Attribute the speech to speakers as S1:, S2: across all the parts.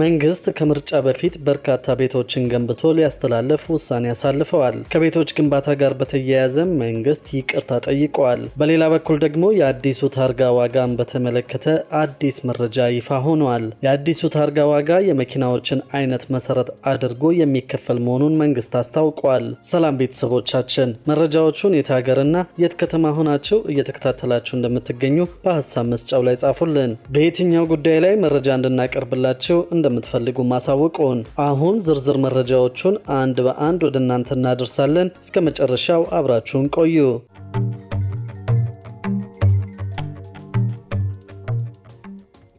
S1: መንግስት ከምርጫ በፊት በርካታ ቤቶችን ገንብቶ ሊያስተላለፍ ውሳኔ አሳልፈዋል። ከቤቶች ግንባታ ጋር በተያያዘም መንግስት ይቅርታ ጠይቀዋል። በሌላ በኩል ደግሞ የአዲሱ ታርጋ ዋጋን በተመለከተ አዲስ መረጃ ይፋ ሆኗል። የአዲሱ ታርጋ ዋጋ የመኪናዎችን አይነት መሰረት አድርጎ የሚከፈል መሆኑን መንግስት አስታውቋል። ሰላም ቤተሰቦቻችን፣ መረጃዎቹን የት ሀገርና የት ከተማ ሆናችሁ እየተከታተላችሁ እንደምትገኙ በሀሳብ መስጫው ላይ ጻፉልን። በየትኛው ጉዳይ ላይ መረጃ እንድናቀርብላችሁ እንደምትፈልጉ ማሳወቁን። አሁን ዝርዝር መረጃዎቹን አንድ በአንድ ወደ እናንተ እናደርሳለን። እስከ መጨረሻው አብራችሁን ቆዩ።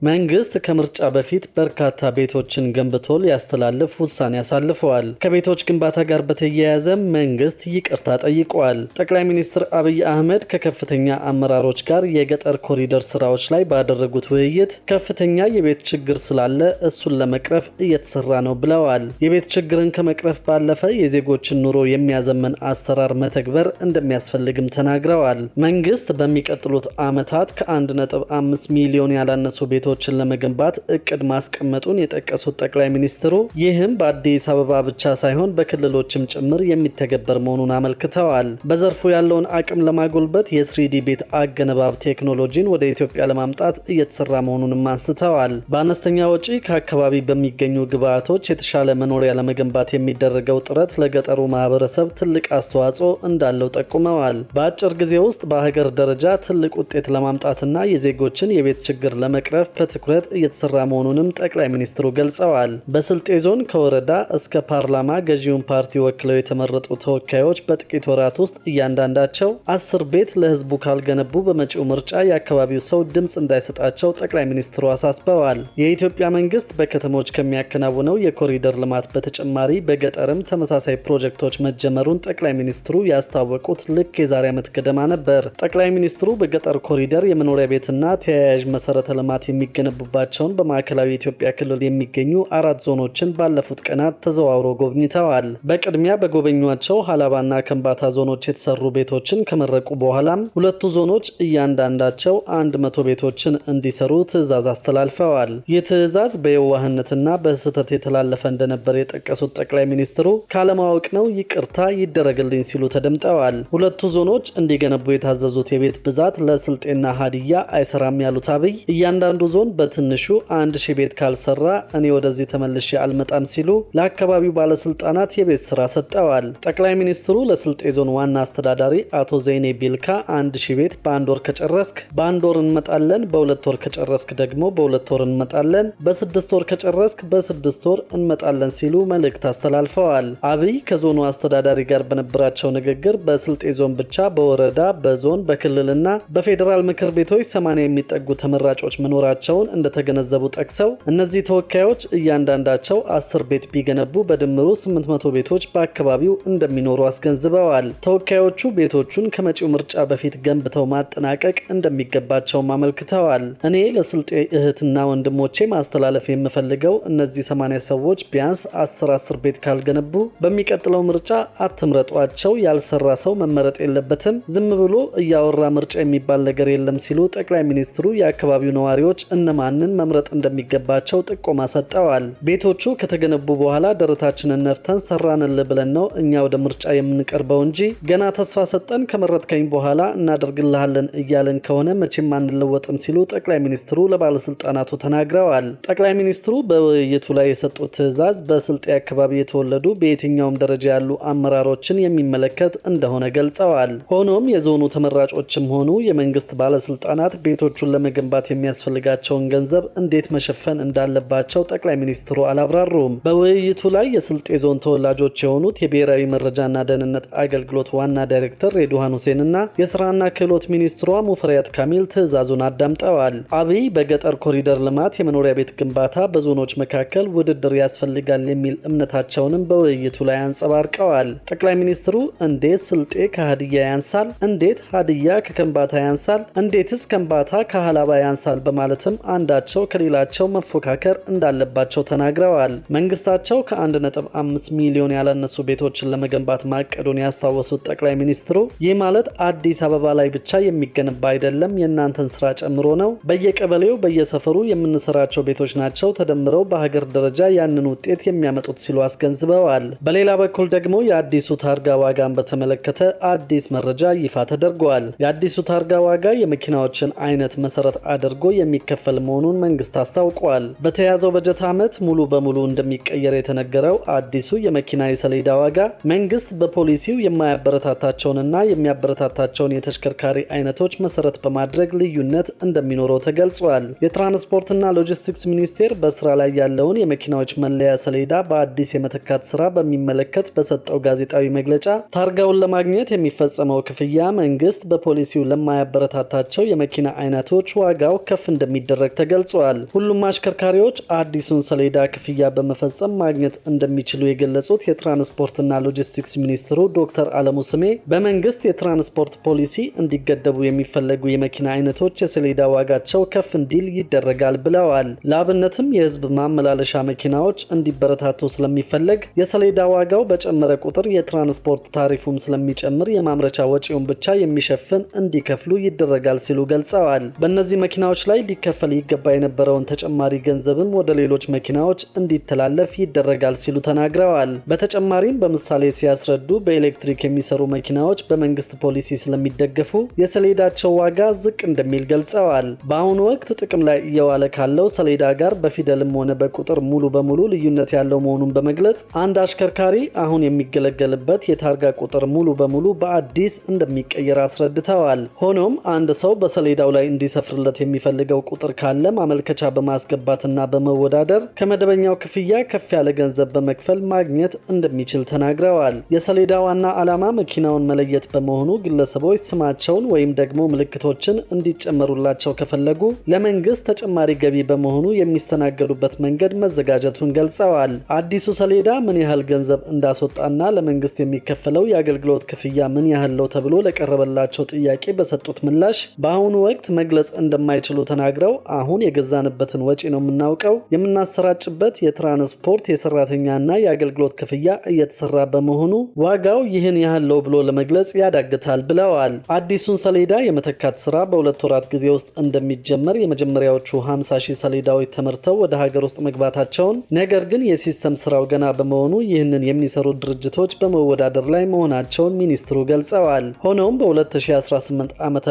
S1: መንግስት ከምርጫ በፊት በርካታ ቤቶችን ገንብቶ ሊያስተላልፍ ውሳኔ አሳልፈዋል። ከቤቶች ግንባታ ጋር በተያያዘ መንግስት ይቅርታ ጠይቋል። ጠቅላይ ሚኒስትር አብይ አህመድ ከከፍተኛ አመራሮች ጋር የገጠር ኮሪደር ስራዎች ላይ ባደረጉት ውይይት ከፍተኛ የቤት ችግር ስላለ እሱን ለመቅረፍ እየተሰራ ነው ብለዋል። የቤት ችግርን ከመቅረፍ ባለፈ የዜጎችን ኑሮ የሚያዘመን አሰራር መተግበር እንደሚያስፈልግም ተናግረዋል። መንግስት በሚቀጥሉት ዓመታት ከ1.5 ሚሊዮን ያላነሱ ቤቶች መሰረቶችን ለመገንባት እቅድ ማስቀመጡን የጠቀሱት ጠቅላይ ሚኒስትሩ ይህም በአዲስ አበባ ብቻ ሳይሆን በክልሎችም ጭምር የሚተገበር መሆኑን አመልክተዋል። በዘርፉ ያለውን አቅም ለማጎልበት የስሪዲ ቤት አገነባብ ቴክኖሎጂን ወደ ኢትዮጵያ ለማምጣት እየተሰራ መሆኑንም አንስተዋል። በአነስተኛ ወጪ ከአካባቢ በሚገኙ ግብዓቶች የተሻለ መኖሪያ ለመገንባት የሚደረገው ጥረት ለገጠሩ ማህበረሰብ ትልቅ አስተዋጽኦ እንዳለው ጠቁመዋል። በአጭር ጊዜ ውስጥ በሀገር ደረጃ ትልቅ ውጤት ለማምጣትና የዜጎችን የቤት ችግር ለመቅረፍ በትኩረት እየተሰራ መሆኑንም ጠቅላይ ሚኒስትሩ ገልጸዋል። በስልጤ ዞን ከወረዳ እስከ ፓርላማ ገዢውን ፓርቲ ወክለው የተመረጡ ተወካዮች በጥቂት ወራት ውስጥ እያንዳንዳቸው አስር ቤት ለህዝቡ ካልገነቡ በመጪው ምርጫ የአካባቢው ሰው ድምፅ እንዳይሰጣቸው ጠቅላይ ሚኒስትሩ አሳስበዋል። የኢትዮጵያ መንግስት በከተሞች ከሚያከናውነው የኮሪደር ልማት በተጨማሪ በገጠርም ተመሳሳይ ፕሮጀክቶች መጀመሩን ጠቅላይ ሚኒስትሩ ያስታወቁት ልክ የዛሬ ዓመት ገደማ ነበር። ጠቅላይ ሚኒስትሩ በገጠር ኮሪደር የመኖሪያ ቤትና ተያያዥ መሰረተ ልማት የሚ የሚገነቡባቸውን በማዕከላዊ ኢትዮጵያ ክልል የሚገኙ አራት ዞኖችን ባለፉት ቀናት ተዘዋውሮ ጎብኝተዋል። በቅድሚያ በጎበኟቸው ሀላባና ከንባታ ዞኖች የተሰሩ ቤቶችን ከመረቁ በኋላም ሁለቱ ዞኖች እያንዳንዳቸው አንድ መቶ ቤቶችን እንዲሰሩ ትዕዛዝ አስተላልፈዋል። ይህ ትዕዛዝ በየዋህነትና በስህተት የተላለፈ እንደነበር የጠቀሱት ጠቅላይ ሚኒስትሩ ካለማወቅ ነው ይቅርታ ይደረግልኝ ሲሉ ተደምጠዋል። ሁለቱ ዞኖች እንዲገነቡ የታዘዙት የቤት ብዛት ለስልጤና ሀዲያ አይሰራም ያሉት አብይ እያንዳንዱ ዞን በትንሹ አንድ ሺህ ቤት ካልሰራ እኔ ወደዚህ ተመልሼ አልመጣም ሲሉ ለአካባቢው ባለስልጣናት የቤት ስራ ሰጠዋል። ጠቅላይ ሚኒስትሩ ለስልጤ ዞን ዋና አስተዳዳሪ አቶ ዘይኔ ቢልካ አንድ ሺህ ቤት በአንድ ወር ከጨረስክ በአንድ ወር እንመጣለን፣ በሁለት ወር ከጨረስክ ደግሞ በሁለት ወር እንመጣለን፣ በስድስት ወር ከጨረስክ በስድስት ወር እንመጣለን ሲሉ መልእክት አስተላልፈዋል። አብይ ከዞኑ አስተዳዳሪ ጋር በነበራቸው ንግግር በስልጤ ዞን ብቻ በወረዳ በዞን በክልልና በፌዴራል ምክር ቤቶች ሰማንያ የሚጠጉ ተመራጮች መኖራቸው መሆናቸውን እንደተገነዘቡ ጠቅሰው እነዚህ ተወካዮች እያንዳንዳቸው አስር ቤት ቢገነቡ በድምሩ 800 ቤቶች በአካባቢው እንደሚኖሩ አስገንዝበዋል። ተወካዮቹ ቤቶቹን ከመጪው ምርጫ በፊት ገንብተው ማጠናቀቅ እንደሚገባቸውም አመልክተዋል። እኔ ለስልጤ እህትና ወንድሞቼ ማስተላለፍ የምፈልገው እነዚህ 80 ሰዎች ቢያንስ 10 10 ቤት ካልገነቡ በሚቀጥለው ምርጫ አትምረጧቸው። ያልሰራ ሰው መመረጥ የለበትም። ዝም ብሎ እያወራ ምርጫ የሚባል ነገር የለም ሲሉ ጠቅላይ ሚኒስትሩ የአካባቢው ነዋሪዎች እነማንን መምረጥ እንደሚገባቸው ጥቆማ ሰጠዋል። ቤቶቹ ከተገነቡ በኋላ ደረታችንን ነፍተን ሰራንል ብለን ነው እኛ ወደ ምርጫ የምንቀርበው እንጂ ገና ተስፋ ሰጠን ከመረጥከኝ በኋላ እናደርግልሃለን እያለን ከሆነ መቼም አንለወጥም ሲሉ ጠቅላይ ሚኒስትሩ ለባለስልጣናቱ ተናግረዋል። ጠቅላይ ሚኒስትሩ በውይይቱ ላይ የሰጡት ትዕዛዝ በስልጤ አካባቢ የተወለዱ በየትኛውም ደረጃ ያሉ አመራሮችን የሚመለከት እንደሆነ ገልጸዋል። ሆኖም የዞኑ ተመራጮችም ሆኑ የመንግስት ባለስልጣናት ቤቶቹን ለመገንባት የሚያስፈልጋቸው የሚያስፈልጋቸውን ገንዘብ እንዴት መሸፈን እንዳለባቸው ጠቅላይ ሚኒስትሩ አላብራሩም። በውይይቱ ላይ የስልጤ ዞን ተወላጆች የሆኑት የብሔራዊ መረጃና ደህንነት አገልግሎት ዋና ዳይሬክተር ሬድዋን ሁሴንና የስራና ክህሎት ሚኒስትሯ ሙፈሪያት ካሚል ትዕዛዙን አዳምጠዋል። አብይ በገጠር ኮሪደር ልማት የመኖሪያ ቤት ግንባታ በዞኖች መካከል ውድድር ያስፈልጋል የሚል እምነታቸውንም በውይይቱ ላይ አንጸባርቀዋል። ጠቅላይ ሚኒስትሩ እንዴት ስልጤ ከሀድያ ያንሳል? እንዴት ሀድያ ከከንባታ ያንሳል? እንዴትስ ከንባታ ከሀላባ ያንሳል? በማለትም በማለትም አንዳቸው ከሌላቸው መፎካከር እንዳለባቸው ተናግረዋል። መንግስታቸው ከ1.5 ሚሊዮን ያላነሱ ቤቶችን ለመገንባት ማቀዱን ያስታወሱት ጠቅላይ ሚኒስትሩ ይህ ማለት አዲስ አበባ ላይ ብቻ የሚገነባ አይደለም፣ የእናንተን ስራ ጨምሮ ነው። በየቀበሌው በየሰፈሩ የምንሰራቸው ቤቶች ናቸው። ተደምረው በሀገር ደረጃ ያንን ውጤት የሚያመጡት ሲሉ አስገንዝበዋል። በሌላ በኩል ደግሞ የአዲሱ ታርጋ ዋጋን በተመለከተ አዲስ መረጃ ይፋ ተደርጓል። የአዲሱ ታርጋ ዋጋ የመኪናዎችን አይነት መሰረት አድርጎ የሚከፈል የሚከፈል መሆኑን መንግስት አስታውቋል። በተያዘው በጀት ዓመት ሙሉ በሙሉ እንደሚቀየር የተነገረው አዲሱ የመኪና የሰሌዳ ዋጋ መንግስት በፖሊሲው የማያበረታታቸውንና የሚያበረታታቸውን የተሽከርካሪ አይነቶች መሰረት በማድረግ ልዩነት እንደሚኖረው ተገልጿል። የትራንስፖርትና ሎጂስቲክስ ሚኒስቴር በስራ ላይ ያለውን የመኪናዎች መለያ ሰሌዳ በአዲስ የመተካት ስራ በሚመለከት በሰጠው ጋዜጣዊ መግለጫ ታርጋውን ለማግኘት የሚፈጸመው ክፍያ መንግስት በፖሊሲው ለማያበረታታቸው የመኪና አይነቶች ዋጋው ከፍ እንደሚደ እንደሚደረግ ተገልጿል። ሁሉም አሽከርካሪዎች አዲሱን ሰሌዳ ክፍያ በመፈጸም ማግኘት እንደሚችሉ የገለጹት የትራንስፖርትና ሎጂስቲክስ ሚኒስትሩ ዶክተር አለሙ ስሜ በመንግስት የትራንስፖርት ፖሊሲ እንዲገደቡ የሚፈለጉ የመኪና አይነቶች የሰሌዳ ዋጋቸው ከፍ እንዲል ይደረጋል ብለዋል። ለአብነትም የህዝብ ማመላለሻ መኪናዎች እንዲበረታቱ ስለሚፈለግ የሰሌዳ ዋጋው በጨመረ ቁጥር የትራንስፖርት ታሪፉም ስለሚጨምር የማምረቻ ወጪውን ብቻ የሚሸፍን እንዲከፍሉ ይደረጋል ሲሉ ገልጸዋል። በእነዚህ መኪናዎች ላይ ሊከፈ መክፈል ይገባ የነበረውን ተጨማሪ ገንዘብም ወደ ሌሎች መኪናዎች እንዲተላለፍ ይደረጋል ሲሉ ተናግረዋል። በተጨማሪም በምሳሌ ሲያስረዱ በኤሌክትሪክ የሚሰሩ መኪናዎች በመንግስት ፖሊሲ ስለሚደገፉ የሰሌዳቸው ዋጋ ዝቅ እንደሚል ገልጸዋል። በአሁኑ ወቅት ጥቅም ላይ እየዋለ ካለው ሰሌዳ ጋር በፊደልም ሆነ በቁጥር ሙሉ በሙሉ ልዩነት ያለው መሆኑን በመግለጽ አንድ አሽከርካሪ አሁን የሚገለገልበት የታርጋ ቁጥር ሙሉ በሙሉ በአዲስ እንደሚቀየር አስረድተዋል። ሆኖም አንድ ሰው በሰሌዳው ላይ እንዲሰፍርለት የሚፈልገው ቁጥር ካለ ማመልከቻ በማስገባትና በመወዳደር ከመደበኛው ክፍያ ከፍ ያለ ገንዘብ በመክፈል ማግኘት እንደሚችል ተናግረዋል። የሰሌዳ ዋና ዓላማ መኪናውን መለየት በመሆኑ ግለሰቦች ስማቸውን ወይም ደግሞ ምልክቶችን እንዲጨመሩላቸው ከፈለጉ ለመንግስት ተጨማሪ ገቢ በመሆኑ የሚስተናገዱበት መንገድ መዘጋጀቱን ገልጸዋል። አዲሱ ሰሌዳ ምን ያህል ገንዘብ እንዳስወጣና ለመንግስት የሚከፈለው የአገልግሎት ክፍያ ምን ያህል ነው ተብሎ ለቀረበላቸው ጥያቄ በሰጡት ምላሽ በአሁኑ ወቅት መግለጽ እንደማይችሉ ተናግረው የምናውቀው አሁን የገዛንበትን ወጪ ነው የምናውቀው። የምናሰራጭበት የትራንስፖርት የሰራተኛና የአገልግሎት ክፍያ እየተሰራ በመሆኑ ዋጋው ይህን ያህል ብሎ ለመግለጽ ያዳግታል ብለዋል። አዲሱን ሰሌዳ የመተካት ስራ በሁለት ወራት ጊዜ ውስጥ እንደሚጀመር የመጀመሪያዎቹ 50 ሺህ ሰሌዳዎች ተመርተው ወደ ሀገር ውስጥ መግባታቸውን፣ ነገር ግን የሲስተም ስራው ገና በመሆኑ ይህንን የሚሰሩ ድርጅቶች በመወዳደር ላይ መሆናቸውን ሚኒስትሩ ገልጸዋል። ሆኖም በ2018 ዓ ም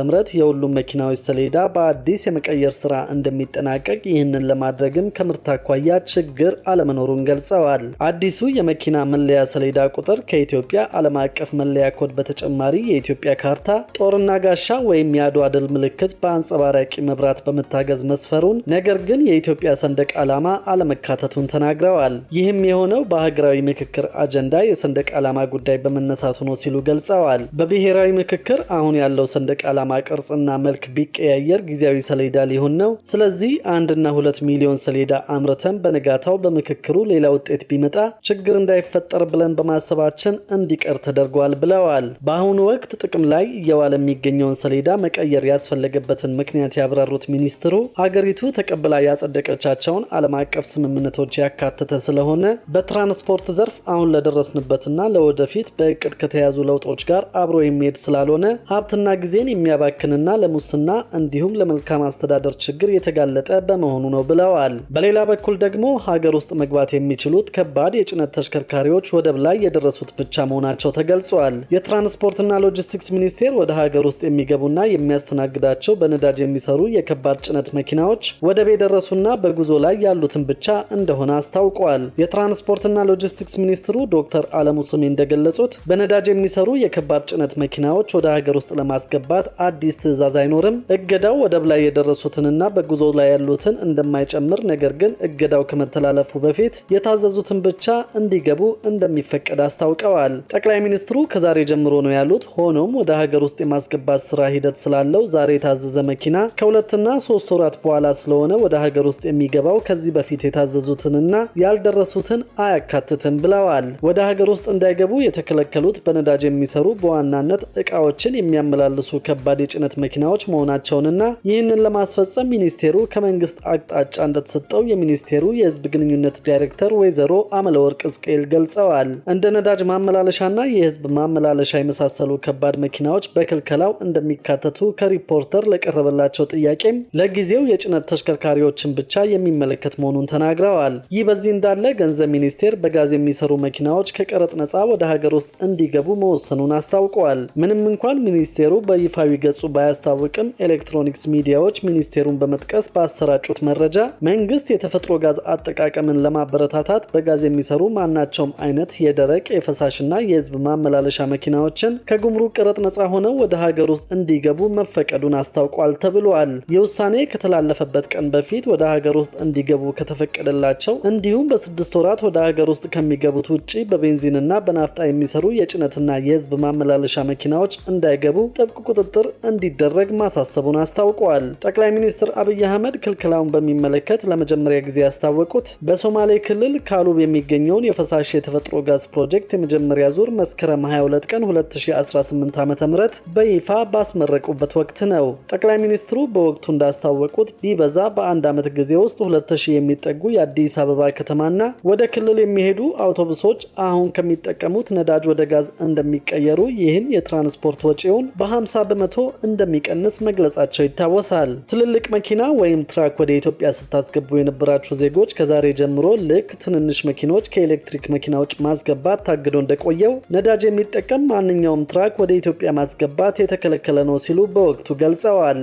S1: የሁሉም መኪናዎች ሰሌዳ በአዲስ የመቀየር ስራ ስራ እንደሚጠናቀቅ ይህንን ለማድረግም ከምርት አኳያ ችግር አለመኖሩን ገልጸዋል። አዲሱ የመኪና መለያ ሰሌዳ ቁጥር ከኢትዮጵያ ዓለም አቀፍ መለያ ኮድ በተጨማሪ የኢትዮጵያ ካርታ፣ ጦርና ጋሻ ወይም የአድዋ ድል ምልክት በአንጸባራቂ መብራት በመታገዝ መስፈሩን፣ ነገር ግን የኢትዮጵያ ሰንደቅ ዓላማ አለመካተቱን ተናግረዋል። ይህም የሆነው በሀገራዊ ምክክር አጀንዳ የሰንደቅ ዓላማ ጉዳይ በመነሳቱ ነው ሲሉ ገልጸዋል። በብሔራዊ ምክክር አሁን ያለው ሰንደቅ ዓላማ ቅርጽና መልክ ቢቀያየር ጊዜያዊ ሰሌዳ ሊሆን ነው። ስለዚህ አንድና ሁለት ሚሊዮን ሰሌዳ አምርተን በንጋታው በምክክሩ ሌላ ውጤት ቢመጣ ችግር እንዳይፈጠር ብለን በማሰባችን እንዲቀር ተደርጓል ብለዋል። በአሁኑ ወቅት ጥቅም ላይ እየዋለ የሚገኘውን ሰሌዳ መቀየር ያስፈለገበትን ምክንያት ያብራሩት ሚኒስትሩ ሀገሪቱ ተቀብላ ያጸደቀቻቸውን ዓለም አቀፍ ስምምነቶች ያካተተ ስለሆነ በትራንስፖርት ዘርፍ አሁን ለደረስንበትና ለወደፊት በእቅድ ከተያዙ ለውጦች ጋር አብሮ የሚሄድ ስላልሆነ ሀብትና ጊዜን የሚያባክንና ለሙስና እንዲሁም ለመልካም አስተዳደር ችግር የተጋለጠ በመሆኑ ነው ብለዋል። በሌላ በኩል ደግሞ ሀገር ውስጥ መግባት የሚችሉት ከባድ የጭነት ተሽከርካሪዎች ወደብ ላይ የደረሱት ብቻ መሆናቸው ተገልጿል። የትራንስፖርትና ሎጂስቲክስ ሚኒስቴር ወደ ሀገር ውስጥ የሚገቡና የሚያስተናግዳቸው በነዳጅ የሚሰሩ የከባድ ጭነት መኪናዎች ወደብ የደረሱና በጉዞ ላይ ያሉትን ብቻ እንደሆነ አስታውቋል። የትራንስፖርትና ሎጂስቲክስ ሚኒስትሩ ዶክተር አለሙ ስሜ እንደገለጹት በነዳጅ የሚሰሩ የከባድ ጭነት መኪናዎች ወደ ሀገር ውስጥ ለማስገባት አዲስ ትዕዛዝ አይኖርም። እገዳው ወደብ ላይ የደረሱትንና እና በጉዞ ላይ ያሉትን እንደማይጨምር ነገር ግን እገዳው ከመተላለፉ በፊት የታዘዙትን ብቻ እንዲገቡ እንደሚፈቀድ አስታውቀዋል። ጠቅላይ ሚኒስትሩ ከዛሬ ጀምሮ ነው ያሉት። ሆኖም ወደ ሀገር ውስጥ የማስገባት ስራ ሂደት ስላለው ዛሬ የታዘዘ መኪና ከሁለትና ሶስት ወራት በኋላ ስለሆነ ወደ ሀገር ውስጥ የሚገባው ከዚህ በፊት የታዘዙትንና ያልደረሱትን አያካትትም ብለዋል። ወደ ሀገር ውስጥ እንዳይገቡ የተከለከሉት በነዳጅ የሚሰሩ በዋናነት እቃዎችን የሚያመላልሱ ከባድ የጭነት መኪናዎች መሆናቸውንና ይህንን ለማስፈጸም ሚኒስቴሩ ከመንግስት አቅጣጫ እንደተሰጠው የሚኒስቴሩ የህዝብ ግንኙነት ዳይሬክተር ወይዘሮ አመለወርቅ እስቅኤል ገልጸዋል። እንደ ነዳጅ ማመላለሻና የህዝብ ማመላለሻ የመሳሰሉ ከባድ መኪናዎች በክልከላው እንደሚካተቱ ከሪፖርተር ለቀረበላቸው ጥያቄም ለጊዜው የጭነት ተሽከርካሪዎችን ብቻ የሚመለከት መሆኑን ተናግረዋል። ይህ በዚህ እንዳለ ገንዘብ ሚኒስቴር በጋዝ የሚሰሩ መኪናዎች ከቀረጥ ነጻ ወደ ሀገር ውስጥ እንዲገቡ መወሰኑን አስታውቋል። ምንም እንኳን ሚኒስቴሩ በይፋዊ ገጹ ባያስታውቅም ኤሌክትሮኒክስ ሚዲያዎች ሚኒስቴሩን በመጥቀስ በአሰራጩት መረጃ መንግስት የተፈጥሮ ጋዝ አጠቃቀምን ለማበረታታት በጋዝ የሚሰሩ ማናቸውም አይነት የደረቅ የፈሳሽና የህዝብ ማመላለሻ መኪናዎችን ከጉምሩክ ቀረጥ ነፃ ሆነው ወደ ሀገር ውስጥ እንዲገቡ መፈቀዱን አስታውቋል ተብሏል። የውሳኔ ከተላለፈበት ቀን በፊት ወደ ሀገር ውስጥ እንዲገቡ ከተፈቀደላቸው እንዲሁም በስድስት ወራት ወደ ሀገር ውስጥ ከሚገቡት ውጭ በቤንዚንና በናፍጣ የሚሰሩ የጭነትና የህዝብ ማመላለሻ መኪናዎች እንዳይገቡ ጥብቅ ቁጥጥር እንዲደረግ ማሳሰቡን አስታውቋል። ጠቅላይ ሚኒስትር አብይ አህመድ ክልክላውን በሚመለከት ለመጀመሪያ ጊዜ ያስታወቁት በሶማሌ ክልል ካሉብ የሚገኘውን የፈሳሽ የተፈጥሮ ጋዝ ፕሮጀክት የመጀመሪያ ዙር መስከረም 22 ቀን 2018 ዓ ም በይፋ ባስመረቁበት ወቅት ነው። ጠቅላይ ሚኒስትሩ በወቅቱ እንዳስታወቁት ቢበዛ በአንድ ዓመት ጊዜ ውስጥ 2000 የሚጠጉ የአዲስ አበባ ከተማና ወደ ክልል የሚሄዱ አውቶቡሶች አሁን ከሚጠቀሙት ነዳጅ ወደ ጋዝ እንደሚቀየሩ፣ ይህም የትራንስፖርት ወጪውን በ50 በመቶ እንደሚቀንስ መግለጻቸው ይታወሳል። ትልልቅ መኪና ወይም ትራክ ወደ ኢትዮጵያ ስታስገቡ የነበራችሁ ዜጎች ከዛሬ ጀምሮ ልክ ትንንሽ መኪኖች ከኤሌክትሪክ መኪናዎች ማስገባት ታግዶ እንደቆየው ነዳጅ የሚጠቀም ማንኛውም ትራክ ወደ ኢትዮጵያ ማስገባት የተከለከለ ነው ሲሉ በወቅቱ ገልጸዋል።